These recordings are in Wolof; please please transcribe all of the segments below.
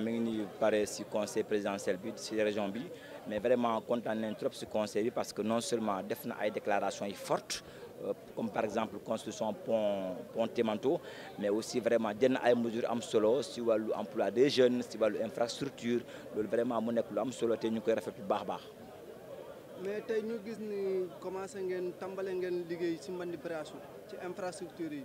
mi ngi nii pare conseil présidentiel bi si région bi mais vraiment kontaan trop si conseil bi parce que non seulement def na ay déclarations yi fortes euh, comme par exemple construction pont pont Témanto mais aussi vraiment jël na ay mesures am solo si wàllu emploi des jeunes si wàllu infrastructure loolu vraiment mu nekk lu am solo te ñu koy rafetlu bu baax baax. mais tey ñu gis ni commencé ngeen tàmbale ngeen liggéey si mbandi opération ci infrastructure yi.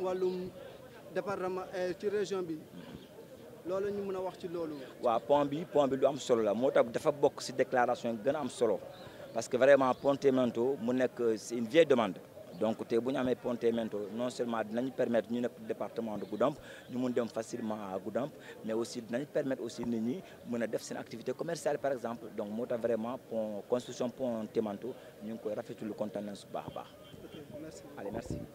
walum département eh, ci région bi lolu ñu mëna wax ci lolu wa pont bi pont bi lu am solo la moo dafa déclaration yi gën am solo parce que vraiment pontemento mu nek c'est une vieille demande. donc té bu amé ponté Pontevedra non seulement nous permettre ñu nek département de goudamp ñu mun dem facilement à Goudamp mais aussi nous permettre aussi nit ñi mëna def activité commerciale par exemple donc mota vraiment pont construction pontemento ñu koy rafetlu contenance nañ su baax a baax. allez merci.